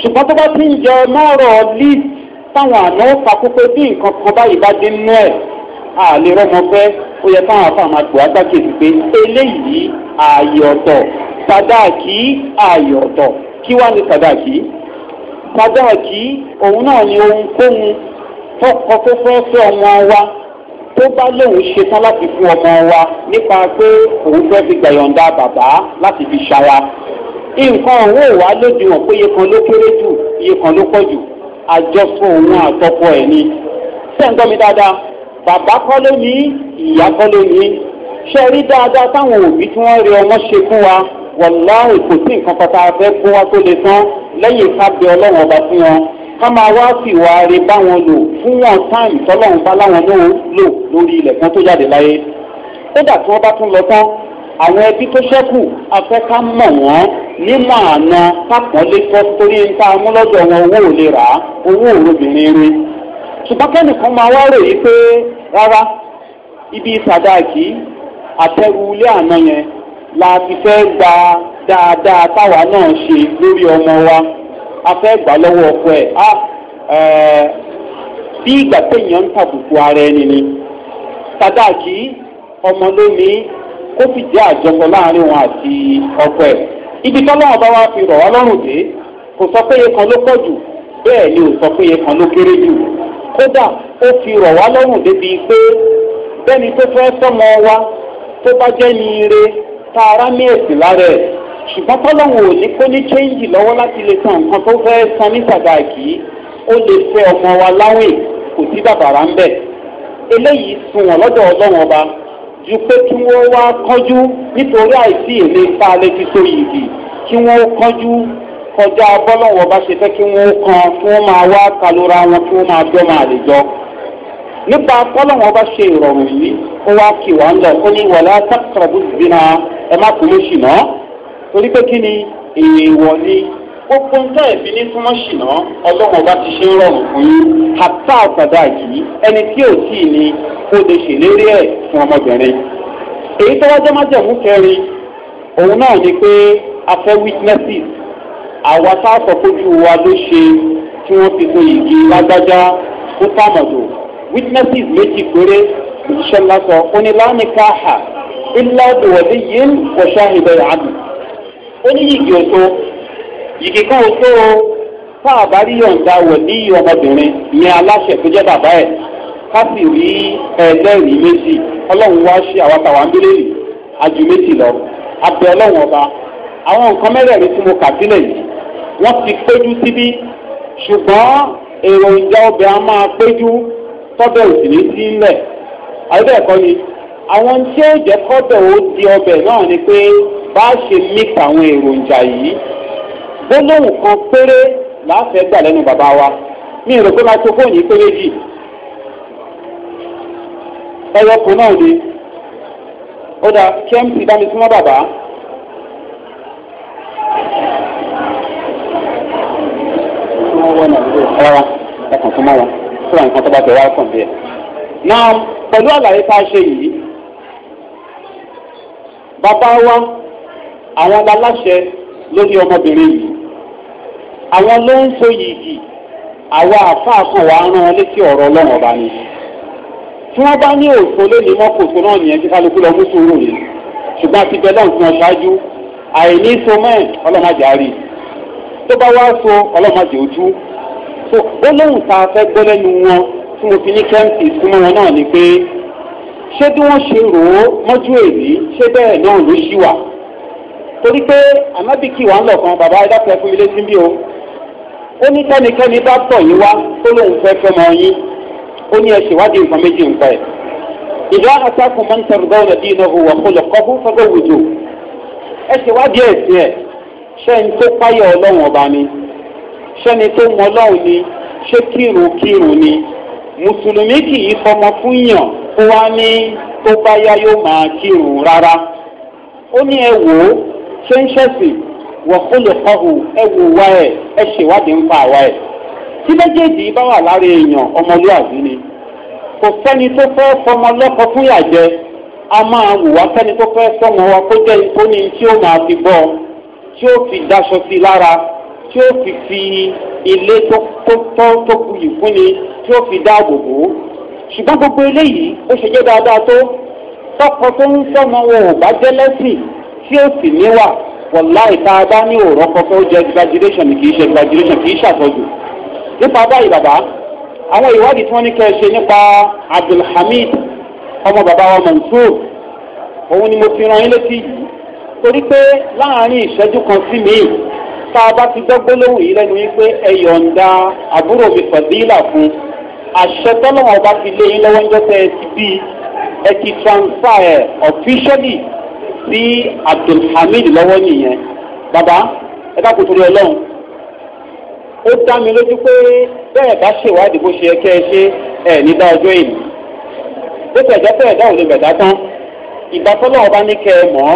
ṣùgbọ́n tó bá ti ń jẹ mọ́rọ̀ list táwọn àná ó fa kókó bí nǹkan kan báyìí bá dé nínú ẹ̀ àlè rọmọ fẹ́ ó yẹ káwọn afáàmà tó agbákejì pé eléyìí ààyè ọ̀tọ̀ sàdáàkì ààyè ọ̀tọ̀ kí wá ní sàdáàkì sàdáàkì òun náà ni ohunkóhun tọkọ tó fẹ́ fẹ́ ọmọ wa tó bá lóun ṣetán láti fún ọmọ wa nípa pé òun fẹ́ fi gbàyọ̀ǹda bàbá láti fi ṣara nǹkan owó wa lódiwọ̀n pé iye kan ló kéré jù iye kan ló pọ̀ jù àjọsọ òun àtọkọ ẹ̀ ni sẹ́ńtọ́ mi dáadáa bàbá kọ́ ló ní ìyá kọ́ ló ní ṣe rí dáadáa táwọn òbí tí wọ́n rí ọmọ ṣe fún wa wọ̀láhùn kò sí nǹkan kan tá fẹ́ fún wa tó le tán lẹ́yìn ìfàbẹ ọlọ́run ọba fún wọn ká máa wá sì wá rí báwọn lò fún wọn táìmù tọ́lọ́run bá láwọn náà lò lórí ilẹ̀ kan tó jáde láyé kódà tí wọ́n bá tún lọ tán àwọn ẹbí tó ṣẹ́kù afẹ́ ká mọ̀ wọ́n nímọ̀ àná kápọ́nlé kọ́ torí ń ta amúlọ́dọ̀ wọn owó ò lè rà á owó òrobìnrin rí ṣùgbọ́n kẹ́nìkan máa wá rèé pé rárá ibi sàdáàkì àtẹrù ilé àná yẹn la ti fẹ́ gba dáadáa táwa náà ṣe lórí ọmọ wa a fẹ́ gbà lọ́wọ́ ọkọ ẹ̀ á eh, bí ìgbà téèyàn ń tàbùkù ara ẹni ni ọmọ ló ní kó jẹ́ àjọpọ̀ láàrin wọn àti ọkọ ẹ̀ ibi tọ́lọ́wọ́n bá wa fi rọ̀ wá lọ́rùn dé kò sọ kan ló pọ̀ jù ni ò sọ péye kan ló kéré jù kódà ó fi rọ̀ wá lọ́rùn débi pé tó fẹ́ wa tó bá jẹ́ ire ṣùgbọ́n tọ́lọ́wọ̀n ò ní kó ní chéńjì lọ́wọ́ láti lè san nǹkan tó fẹ́ san ní sàdáàkì ó lè fẹ́ ọmọ wa láwìn kò sí bàbàrà ń bẹ̀. eléyìí sun wọn lọ́dọ̀ ọlọ́wọ́n ọba ju pé kí wọ́n wá kánjú nítorí àìsí èlé ipa létí tó yìí kí wọ́n kánjú kọjá bọ́lọ́wọ́n ọba ṣe fẹ́ kí wọ́n kan kí wọ́n máa wá kalora wọn kí wọ́n máa gbọ́ máa lè jọ nípa kọ́lọ́wọ́n ọba ṣe ìrọ̀rùn yìí ó wá kì wá ń lọ ó ní wọ̀lá sàkàràbù zina ẹ má kú lóṣù náà torí pé kí ni èèwọ̀ ni gbogbo nǹkan ẹ̀bí ní súnmọ́ ṣìnà ọlọ́run ọba ti ṣe ń rọrùn fún yín àtà àgbàdà yìí ẹni tí ò tí ì ní kó lè ṣèlérí ẹ̀ fún ọmọbìnrin. èyí tó wájá májẹ̀mú kẹrin òun náà ni pé a fẹ́ witnesses àwa tá a sọ fojú wa ló ṣe tí wọ́n fi so yìí lágbájá kó fámọ̀dò witnesses méjì péré òṣìṣẹ́ ńlá sọ ó ní láníkàáhà ńlá òdòwọ̀dé yìí wọ̀ṣáhìbẹ̀ àdùn ó ní yìgì òtó yìgì kan òtó tá a bá rí yọ̀ǹda wọ̀ ní ọmọbìnrin ìyẹn aláṣẹ tó jẹ́ bàbá ẹ̀ ká sì rí ẹlẹ́rìí méjì ọlọ́run wá ṣe àwọn àtàwọn abílẹ̀rì àjù méjì lọ abẹ ọlọ́run ọba àwọn nǹkan mẹ́rẹ̀ẹ̀rin tí mo kà sílẹ̀ yìí wọ́n ti péjú síbí ṣùgbọ́n èròjà ọbẹ̀ a máa péjú tọ́bẹ̀ òsì ní sílẹ̀ àbẹ́bẹ̀ ẹ̀kọ́ àwọn tí ó jẹ́ kọ́bẹ̀ ó di ọbẹ̀ náà ni pé bá a ṣe mix àwọn èròjà yìí gbólóhùn kan péré láàfẹ́ gbà lẹ́nu bàbá wa mi rò pé microphone yìí pé méjì ẹyọ kan náà ni ó dà kmc bá mi súnmọ́ bàbá. rárá ẹkùn súnmọ́ wọn fúra nǹkan tó bá bẹ̀rẹ̀ pẹ̀lú àlàyé tá a ṣe yìí bàbá wa àwọn aláṣẹ ló ní ọmọbìnrin yìí àwọn ló ń so yìgì àwa àfáà kan wàá rán wọn létí ọ̀rọ̀ ọlọ́run ọba ni tí wọ́n bá ní òfin lónìí mọ́kòtò náà nìyẹn tí kálukú lọ mú sùúrù ni ṣùgbọ́n àti bẹ́ẹ̀ náà fún ọ ṣáájú àìní so mẹ́ẹ̀ ọlọ́mọdé àárí tó bá wá so ọlọ́mọdé ojú so gbólóhùn tá a fẹ́ gbọ́ lẹ́nu wọn tí mo fi ní kẹ́ǹtì súnmọ́ wọn náà ni pé ṣé bí wọ́n ṣe rò ó mọ́jú èyí ṣé bẹ́ẹ̀ náà ló ṣì wà torí pé ànábì kì wá ń lọ kan bàbá ẹdáfẹ fún ilé síbí o ó ní kẹ́nikẹ́ni bá tọ̀ yín wá tó lóun fẹ́ fẹ́mọ yín ó ní ẹsẹ̀ wádìí nǹkan méjì ń pa ẹ̀. ìdá àtàkùn máa ń tẹ̀rù dáwọ̀dà bí iná òwò àkọlọ̀ kọ́kú fẹ́fẹ́ wùdò ẹsẹ̀ wádìí ẹ̀sìn ẹ̀ sẹ́ni tó páyọ̀ ọlọ́run ọba ni sẹ́ni tó mọ ọlọ́run ni ṣé kírun kírun ni mùsùlùmí kì í fọmọ fún yàn kó wá ní tó báyá yóò máa kírun rárá ó ní ẹ wò ó ṣé ń ṣẹ̀sìn wọ̀kúlùkọ́hù ẹ wò wá ẹ̀ ẹ ṣèwádìí ń fa àwa ẹ̀. tí méjèèjì bá wà lára èèyàn ọmọlúwàbí ni kò sẹ́ni tó fẹ́ fọmọ lọ́kọ fún yàjẹ́ a máa wò wá sẹ́ni tó fẹ́ fọmọ wa kó jẹ́ ikú ni tí ó máa fi bọ́ tí ó fi daṣọ sí lára tí ó fi fi ilé tó tọ́ tó buyì fún ni tí ó fi dáàbò bò ó ṣùgbọ́n gbogbo eléyìí ó ṣe jẹ́ dáadáa tó tọkọ tó ń fọmọ wọn ò bá jẹ́ lẹ́sìn tí ó sì níwà wọ̀láì tá a bá ní òòrọ̀ kọ́kọ́ ó jẹ́ graduation kì í ṣe graduation kì í ṣàtọ́jú. nípa báyìí bàbá àwọn ìwádìí tí wọ́n ní kẹ́ ẹ ṣe nípa abdulhamid ọmọ bàbá wa mansour òun ni mo fi ran yín létí yìí torí pé láàrin ìṣẹ́jú kan sí mi tá a bá ti dọ́gbó lóhùn yìí lẹ́nu wípé ẹ yọ̀ǹda àbúrò mi fọ̀dílà fún àṣẹ tọ́lọ́wọ́n fi lé yín lọ́wọ́ ń jẹ́ pé ẹ ti bí ẹ ti transfer ẹ officially sí abdulhamid lọ́wọ́ nìyẹn bàbá ẹ bá kò torí ọlọ́run ó dá mi lójú pé bẹ́ẹ̀ bá ṣèwádìí bó ṣe yẹ kẹ́ ẹ ṣe ẹ̀ ní bá ọjọ́ èyí bó tẹ̀ jẹ́ pé ẹ̀dá ò lè bẹ̀dá tán ìgbàsọ́lọ́ ọba ní kẹ́ ẹ mọ̀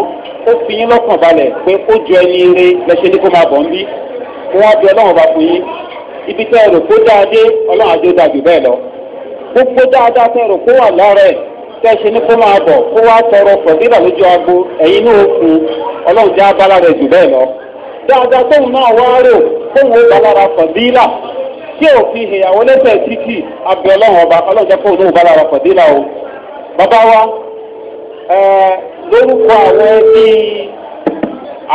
ọ́ ó fi yín lọ́kàn balẹ̀ pé ó jọ ẹni eré lẹ́ṣẹ̀ ní kó máa bọ̀ ń bí kó wá bí ọlọ́run ọba fún yín ibi tẹ́ ẹ rò kó dáadé ọlọ́run àjọ dàbí bẹ́ẹ̀ lọ gbogbo dáadáa tẹ́ ẹ rò kó wà lára tẹ́sí ní kó máa bọ̀ kó wá tọrọ fọ̀dílà lójú agbo ẹ̀yin ní òkun ọlọ́run já bára rẹ̀ jù bẹ́ẹ̀ lọ. dáadáa tóun náà wá rò tóun ó bálára fọ̀dílà tí ò fi ìyàwó lẹ́sẹ̀ títì abẹ ọlọ́run ọba ọlọ́run jẹ́ kóun náà bálára fọ̀dílà o. bàbá wa lórúkọ àwọn ẹbí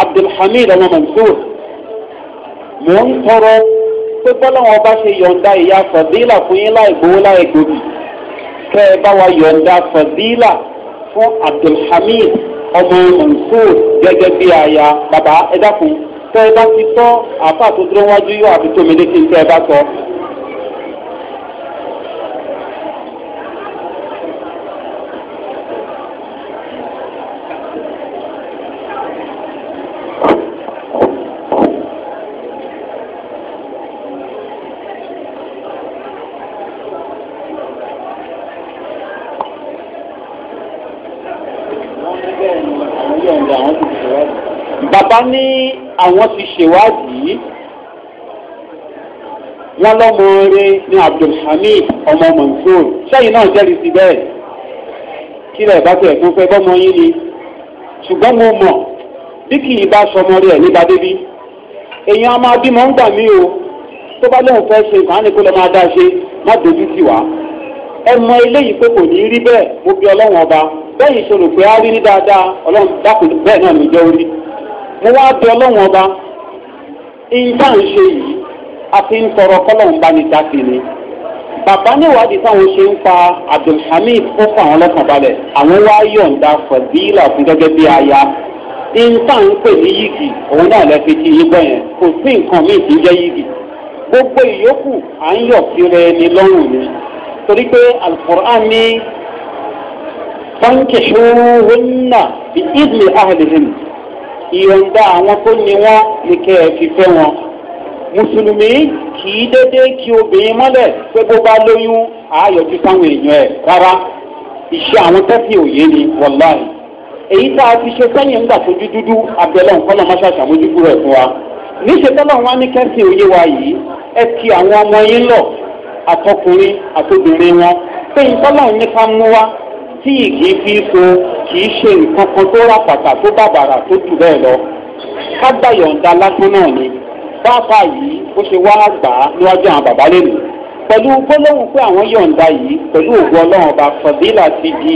abdulhamid ọmọ mansour mò ń tọrọ pé bọ́lá wọn bá ṣe yọ̀ǹda ìyá fọ̀dílà fún yín láì gbowó láì gbòdì kẹ́ ẹ bá wa yọ̀ǹda fadila fún abdulhamid ọmọ mansour gẹ́gẹ́ bí aya bàbá ẹ dákun tẹ́ ẹ bá ti tọ́ àpá àtúndúró wájú yóò àfi tómi létí tẹ́ ẹ bá sọ. bàbá ní àwọn ti ṣèwádìí wọn lọmọ rẹ ní abdulhamid ọmọ mansour sẹyìn náà jẹrìí sí bẹẹ kílẹ̀ bá tẹ̀ fún fẹ́ bọ́mọ yín ni ṣùgbọ́n mo mọ̀ bí kì í bá sọmọ rẹ̀ nígbà débi èèyàn a máa bímọ ń gbà mí o tó bá lóun fẹ́ ṣe nǹkan á ní kó lọ́ máa dá ṣe má dojú sí wa ẹ mọ eléyìí pé kò ní rí bẹ́ẹ̀ mo bí ọlọ́run ọba bẹ́ẹ̀ ìṣòro pé á rí ní dáadáa ọlọ́run dákùn bẹ́ẹ̀ náà ló jẹ́ orí mo wá bẹ ọlọ́run ọba ìyá ń ṣe yìí àti ń tọrọ kọ́lọ́run bá ní dákì ni bàbá níwádìí táwọn ṣe ń pa abdulhamid ó fà wọn lọ́kàn balẹ̀ àwọn wá yọ̀ǹda fọ̀dílà fún gẹ́gẹ́ bí aya ìta ń pè ní yìgì òun náà lẹ fi ti yígbọ́ yẹn kò sí nǹkan míì tí ń jẹ́ yìgì gbogbo ìyókù à ń yọ̀ kiri ẹni lọ́rùn ni torí pé alukur'an ní fáńkì ṣòro wọn náà ìdílé ahàlìhìn ìyọ̀ǹda àwọn tó ní wọn ni kẹ́ ẹ fi fẹ́ wọn. mùsùlùmí kì í dédé kí obìnrin mọ́lẹ̀ pé bó bá lóyún àáyọ̀jú sáwọn èèyàn ẹ̀ rárá iṣẹ́ àwọn tẹ́sí òye ni wọ̀láì. èyí tá a ti ṣe sẹ́yìn ńgbà fojú dúdú abẹ́lẹ́ nǹkan ọmọṣáṣà mójúkú rẹ̀ fún wa. níṣẹ́ tọ́lọ̀ wọn ní kẹ́sì òye wa yìí ẹ ti àwọn ọmọ yín lọ àtọkùnrin àtobìnrin wọn pé ìtọ́lọ̀ ní ká mú wa tí ìgbín fi so kìí ṣe nǹkan kan tó rà pàtà tó bàbàrà tó jù bẹ́ẹ̀ lọ kágbàyọ̀ǹda lásán náà ni bàbá yìí ó ṣe wá gbà á níwájú àwọn bàbá lẹ́nu pẹ̀lú gbólóhùn pé àwọn yọ̀ǹda yìí pẹ̀lú ògbó ọlọ́run ọba fadila ti di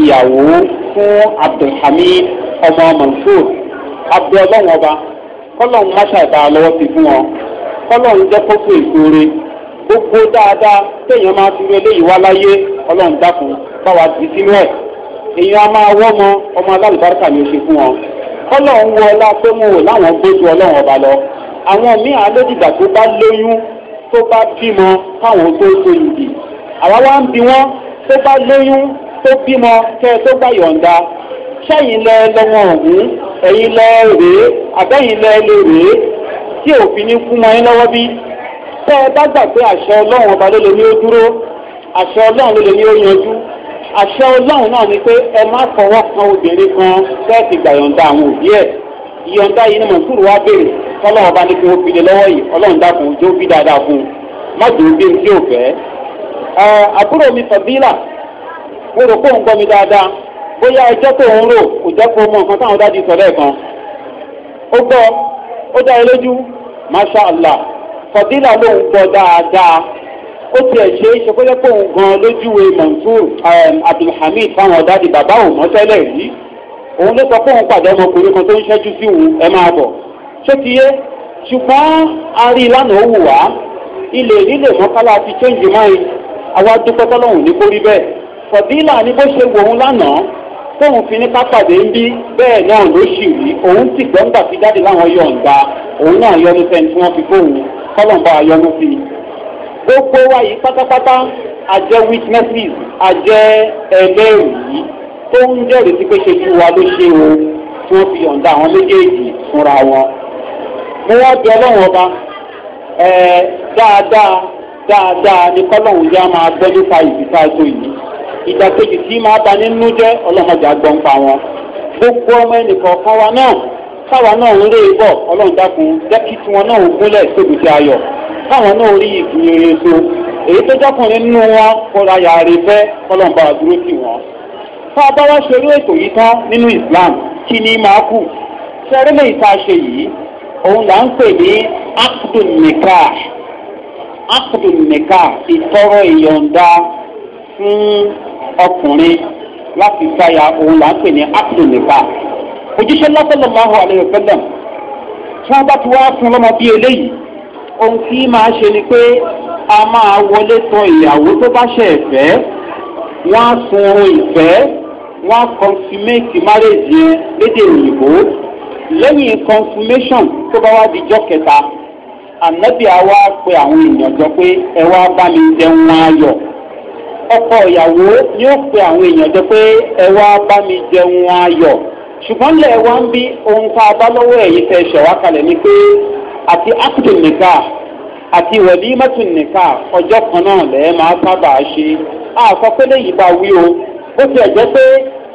ìyàwó fún abdulhamid ọmọ mansour abdul ọlọ́run ọba kọ́lọ́hún máṣá ìta lọ́wọ́ ti fún wọn kọ́lọ́hún jẹ́ kókó ìgbóore gbogbo dáadáa téèyàn máa fi wọlé ìwáláyé ọlọ́run dákun bá wa di sínú ẹ̀ èèyàn a máa wọ́ mọ ọmọ alálùbáríkà ni ó ṣe fún wọn ọlọ́run wọ ọlá pé mo wò láwọn gbójú ọlọ́run ọba lọ àwọn míì alódìgbà tó bá lóyún tó bá bímọ káwọn tó so ìdì àwa wá ń bi wọn tó bá lóyún tó bímọ kẹ tó gbà yọ̀ǹda sẹ́yìn lẹ lọ́wọ́ ògún ẹ̀yìn lẹ rèé àbẹ́yìn lẹ lè rèé tí òfin ní fún mọ́ yín lọ́wọ́ bí tẹ́ ẹ bá gbà pé àṣẹ ọlọ́run ọba ló lè ní ó dúró àṣẹ ọlọ́run ló lè ní ó yanjú àṣẹ ọlọ́run náà ni pé ẹ má fọwọ́ kan obìnrin kan fẹ́ẹ̀sì gbà yọ̀ǹda àwọn òbí ẹ̀ ìyọ̀ǹda yìí ni mọ̀túrù wá béèrè tọ́lọ́wọ́ bá ní kí wọ́n fi lé lọ́wọ́ yìí ọlọ́run dákun jó bí dáadáa fún un má dùn bí mi yóò fẹ́. àbúrò mi fàbílà mo rò pé òun gbọ́ mi dáadáa bóyá ẹjọ́ tó ń rò kò jẹ́ kó mọ nǹkan táwọn dájú sọ lẹ́ẹ̀kan. ó gbọ́ ó dá ẹ lójú masha allah fàbílà lóun gbọ́ dáadáa ó ti ẹ̀ ṣe é ṣe kọ́jọ́ pé òun gan lójúwe mansour um, abdulhamid fáwọn ọ̀dádì bàbá òun mọ́tẹ́lẹ̀ rí òun ló sọ pé òun pàdé ọmọkùnrin kan tó ń ṣẹ́jú sí òun ẹ máa bọ̀ ṣé ti yé ṣùgbọ́n a rí i lánàá wù wá ilé nílé mọ́kálá ti change mind àwa dúpẹ́ tọ́lọ́hùn ní kórí bẹ́ẹ̀ fọ̀dílà ni bó ṣe wò òun lánàá tóun fi ní pápádé ń bí bẹ́ẹ̀ náà ló ṣì rí òun sì gbọ́ngbà fi jáde láwọn yọ̀ǹda òun náà yọnu fẹ́ni tí wọ́n fi bóun kọ́lọ̀ ń bá wa yọnu sí i gbogbo wa yìí pátápátá àjẹ witnesses àjẹ ẹlẹ́rìí tó ń jẹ́rìí sí pé ṣe ju wa ló ṣe o tí wọ́n fi yọ̀ǹda àwọn méjèèjì fúnra wọn. mo wá bí ọlọ́run ọba dáadáa dáadáa ni kọ́lọ́hún yá máa gbọ́ nípa ìbíta ètò yìí ìdàkejì tí máa ba nínú jẹ́ ọlọ́mọdé àgbọ̀npa wọn gbogbo ọmọ ẹnìkọ̀ọ̀kan wa náà káwa náà ń lé e bọ̀ ọlọ́run dákun jẹ́ kí tiwọn náà gúnlẹ̀ tóbi tí a yọ̀ káwọn náà rí ìgbìyànjú so èyí tó jọkùnrin nínú wọn kọra yàrá ìfẹ́ kọlọ̀ǹba àdúró sí wọn. tá a bá wá ṣerú ètò yìí tán nínú islam kí ni máa kù ṣẹ́rẹ́lẹ̀ ìta ṣe yìí òun là ń pè ní akdun nikah akdun nikah ìtọ́rọ ìyọ̀ǹda fún ọkùnrin láti sáyà òun là ń pè ní akdun nikah ojúṣe lọ́sọ̀lọ́mọ́ àwọn àlejò pẹ́lẹ́m tí wọ́n bá fún lọ́mọ bíi eléyìí ohun tí máa ṣe ni pé a máa wọlé tọ ìyàwó tó bá ṣe ẹ̀fẹ́ wọ́n á sun ohun ìfẹ́ wọ́n á consummate marriage yẹn lédè òyìnbó lẹ́yìn confirmation tó bá wá di jọ́ kẹta ànábì àwa pe àwọn èèyàn jọ pé ẹ wá bá mi jẹun ayọ̀ ọkọ ìyàwó ni ó pe àwọn èèyàn jọ pé ẹ wá bá mi jẹun ayọ̀ ṣùgbọ́n lẹ̀ wá ń bí ohun tá a bá lọ́wọ́ ẹ̀yìn fẹ́ ṣẹ̀wá kalẹ̀ ni pé àti akutun nìka àti wẹ̀límẹ́tún nìka ọjọ́ kan náà lẹ́ẹ̀ máa sábà ṣe àkọ́kọ́lé yìí bá wí o bó ti ẹ̀jẹ̀ pé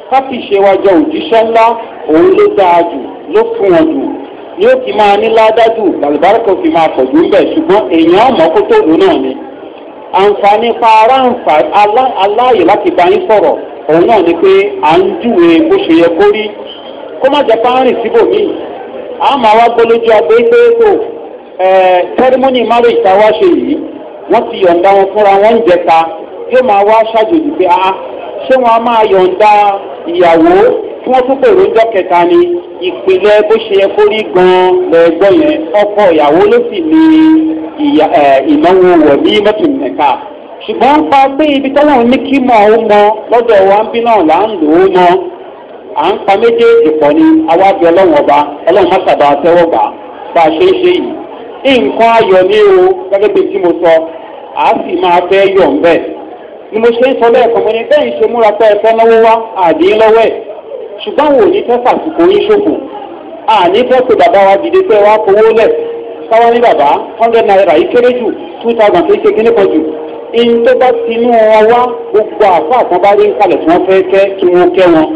káfí ṣe wájọ òjíṣẹ́ ńlá òun ló dáa jù ló fún wọn jù ni ó fi máa ní ládájú làlùbáríkò fi máa pọ̀jù ń bẹ̀ ṣùgbọ́n èèyàn ọmọ kó tó lù náà ni àǹfààní pa ara aláàyè láti bá yín sọ̀rọ̀ òun náà ni pé à ń júwe bó ṣe yẹ kó rí kó má jẹ́ pé à rìn síbòmíì àmọ́ àwọn agbólójú abẹ́ pé kò tẹ́rìmọ́nì márùn ìtawá ṣe yìí wọ́n ti yọ̀ǹda wọn fúnra wọn ń jẹta yóò máa wá ṣàjòjì pé ah ṣé wọn a máa yọ̀ǹda ìyàwó tí wọ́n tún pèrò ńjọ́ kẹta ni ìpìlẹ̀ bó ṣe yẹ kó rí gan-an lẹ́gbọ́n yẹn ọkọ ìyàwó ló sì ní ìnáwó wọ̀ ní mẹ́tòmẹ́ka ṣùgbọ́n pa pé ibi tọ́lọ́run ní kí mọ̀ ọ́ mọ lọ́dọ̀ wa ń bí náà là ń lò ó mọ́ à ń pa méjèèjì pọ̀ ni awájú ọlọ́run ọba ọlọ́run mọ́tàbá tẹ́wọ́ gbà bá a ṣe ń ṣe yìí nǹkan ayọ̀ ní o gẹ́gẹ́ bí tí mo sọ à á sì máa fẹ́ yọ̀ ń bẹ̀ ni mo ṣe ń sọ lẹ́ẹ̀kan mo ní bẹ́ẹ̀ ń ṣe múra pé ẹ fẹ́ náwó wá àdí lọ́wọ́ ẹ̀ ṣùgbọ́n wò ní fẹ́ fàsìkò yín ṣòfò àní fẹ́ pé bàbá wa dìde pé wá fowó lẹ̀ káwá ní bàbá hundred naira yìí kéré jù two thousand kéré kékeré kan jù in tó bá tinú wọn wá gbogbo àfa àtàn rí ń kalẹ̀ tí wọ́n fẹ́ kẹ́ kí wọ́n kẹ́ wọn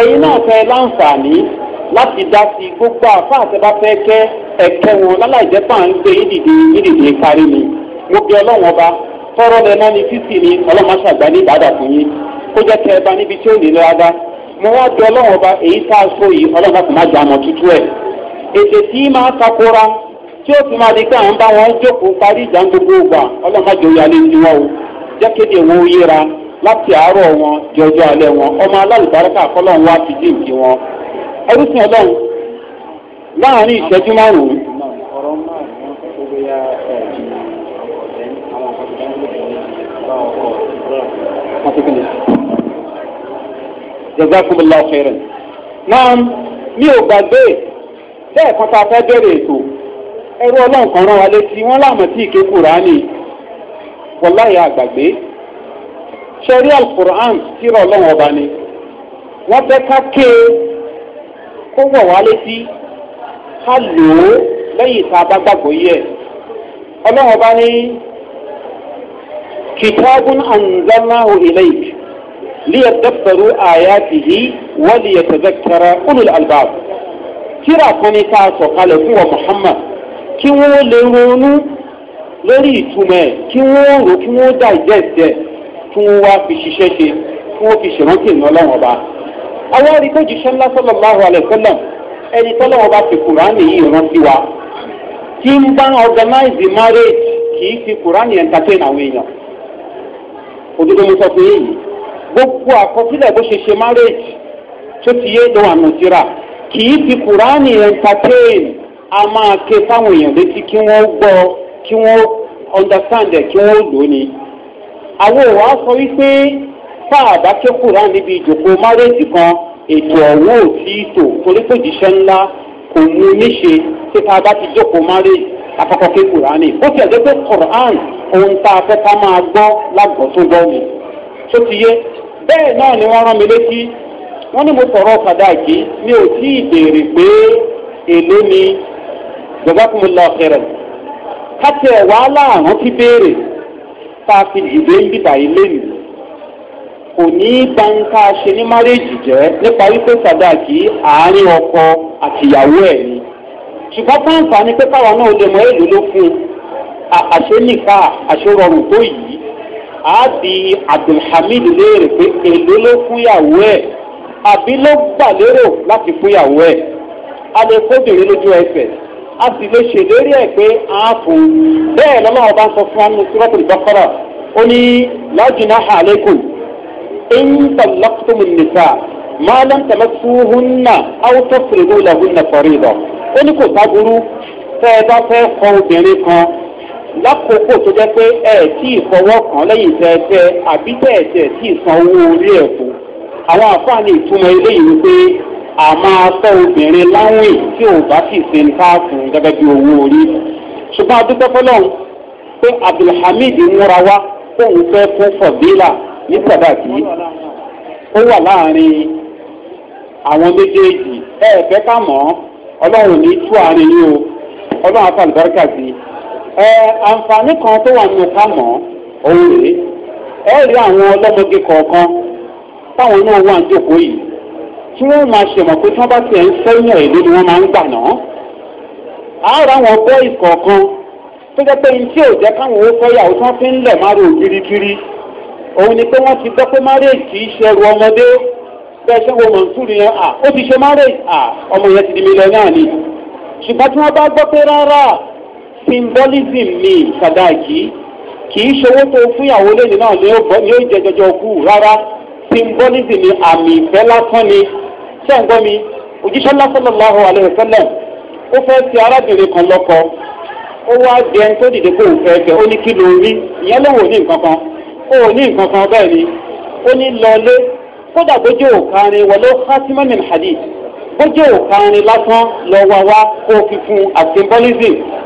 ẹ̀yin náà fẹ́ láǹfààní láti dá sí gbogbo àfáà tẹ bá fẹ́ kẹ́ ẹ̀kẹ́ wọn láláìjẹ́ pà ń gbé yídìdì yídìdì kárí mi mo bí ọlọ́wọ́n ọba tọrọ lẹ náà ní fífì ni ọlọ́mọṣàgbá ní ìbàdàn fún yín jẹ́ kẹ́ ẹ bá níbi ọba èyí tá a yìí ọlọ́wọ́n kò má jà mọ́ tútú ẹ̀ ètè tí takora tí ó fi di láti àárọ̀ wọn di ọjọ́ alẹ́ wọn ọmọ alálùbáríkà kọ́lọ́n wá fi dì nkí wọn. ẹrúsìn ọlọ́run láàrin ìṣẹ́jú márùn-ún. jazakumullah khairan. náà mi ò gbàgbé bẹ́ẹ̀ kan tá a fẹ́ bẹ̀rẹ̀ ètò ẹrú ọlọ́run kan rán wa létí wọ́n láàmú tí ìkékùrá ni wọ́n láyà àgbàgbé sẹ́rí alukur'an kíra ọlọ́run ọba ni wọ́n fẹ́ ká ké e, kó wọ̀ wá létí ká lò ó lẹ́yìn tá a bá gbàgbọ́ yẹ ọlọ́run ọba ni kìtàbùn anzalnahu ilayk liyadabbaru ayatihi wa liyatadhakkara ulul albab kíra kan ká sọ kalẹ̀ fún wa muhammad kí wọ́n lè ronú lórí ìtumẹ̀ kí wọ́n rò kí wọ́n dà tí wọ́n wá fi ṣiṣẹ́ ṣe tí fi ṣèrántí ọlọ́run ọba. àwọn sọ́lá sọ́lá alẹ́ sọ́lá ẹni ọba fi kùránì yìí rántí wa tí ń bá organize marriage kì í fi kùránì entertain àwọn èèyàn. òdodo mo sọ fún yìí gbogbo àkọsílẹ̀ bó ṣe ṣe marriage tó ti yé lọ́wọ́ àmọ̀ síra kì í fi entertain a máa ké fáwọn èèyàn létí kí wọ́n gbọ́ kí wọ́n understand àwọn òwò á sọ wípé fáàdà kékùrá níbi ìjòkó márẹ́ẹ̀tì kan ètò ọ̀wọ́ òtí tò torí pé òjíṣẹ́ ńlá kò mú níṣe tí tá a bá ti jókòó márẹ́ẹ̀tì akọ́kọ́ kékùrá ni ó ti ẹ̀jẹ̀ pé quran ohun tá a fẹ́ ká máa gbọ́ lágbọ́ tó gbọ́ mi tó ti yé bẹ́ẹ̀ náà ni wọ́n rán mi létí wọ́n ní mo sọ̀rọ̀ padà yìí mi ò tí ì béèrè pé èlé ni jọba kúmọ̀lá ọ̀kẹ́rẹ̀ ká tiẹ̀ wàhálà àrùn tá a fi dìde ń bìbà yìí lẹ́nu kò ní í ba ń ká a ṣe ní márèèjì jẹ́ nípa wípé sàdáàkì àárín ọkọ àtìyàwó ẹ̀ ni ṣùgbọ́n fáǹfà ni pé káwa náà lè mọ èlò ló fún un àṣẹ nìka àṣẹ rọrùn tó yìí á di abdulhamid léèrè pé èlò ló fúnyàwó ẹ̀ àbí ló gbà lérò láti fúnyàwó ẹ̀ a lè kóbìnrin lójú ẹsẹ̀ a sì lè ṣèlérí ẹ̀ pé a fún un bẹ́ẹ̀ lọ́nà ọba sọ fún wa nínú sírọ́pù ìbọ́kọ́rà ó ní lájùnà àlékù ń tàlákùtùmù nìta máa lọ́n tàlákùtùmùnà áwùtọ́ fèrèdó làwùnà sọ̀rọ̀ ìbọ̀ ó ní kò sáburú tẹ́ ẹ bá fẹ́ kọ obìnrin kan lákòókò tó jẹ́ pé ẹ tí ì fọwọ́ kàn lẹ́yìn tẹ́ẹ̀tẹ́ àbí tẹ́ẹ̀tẹ́ tí ì san owó orí ẹ̀ fún àwọn àfáàní ìtumọ̀ eléyìí wípé àmọ́ afẹ́ obìnrin láwìn tí ò bá sì ṣe ní káàkùn gẹ́gẹ́ bí owó orí. ṣùgbọ́n adúgbò fọlọ́n pé abdulhamid múra wá fóun fẹ́ fún fọ̀bílà ní sàdáàkì ó wà láàrin àwọn méjèèjì ẹ ẹ̀fẹ́ ká mọ̀ ọlọ́run ní tú àárín yìí o ọlọ́run afa àlùbáríkà sí i. ẹ àǹfààní kan tó wà nínú ká mọ̀ òun rèé ẹ rí àwọn ọlọ́mọge kọ̀ọ̀kan táwọn náà wà ń jókòó yìí tí wọ́n máa ṣèmọ̀ pé tí wọ́n bá tiẹ̀ ń sẹ́yìn èdè ni wọ́n máa ń gbà náà. àárọ̀ àwọn bọ́ìs kọ̀ọ̀kan tó jẹ́ pé iṣẹ́ ò jẹ́ káwọn owó fẹ́yàwó tí wọ́n fi ń lẹ̀ máa rò kirikiri òun ni pé wọ́n ti gbọ́ pé márèèjì kì í ṣẹrù ọmọdé bẹ́ẹ̀ ṣe wo mọ̀nsúrù yẹn à ó ti ṣe márèèjì à ọmọ yẹn ti di mílíọ̀nù náà ni ṣùgbọ́n tí wọ́n bá gbọ́ pé rárá symbolism ni sàdáàkì kì í ṣòwò tó fúnyàwó lẹ́yìn náà ni ó jẹ jọjọ kú rárá symbolism ni àmì ìfẹ́ lásán ni sẹ́ǹgbọ́n mi òjíṣẹ́ lásánàláhùn àlẹ́sẹ́lẹ̀ ó fẹ́ ti arábìnrin kan lọ́kọ ó wá jẹ ẹni tó dìde kó o fẹ́ jẹ ó ní kí ló rí ìyẹn ló wò ní nǹkan kan ó ní nǹkan kan bẹ́ẹ̀ ni ó ní lọlé kódà bójú òkarin wọlé hasimamin hadith bójú òkarin lásán lọ wá wá kó o fi fún àti symbolism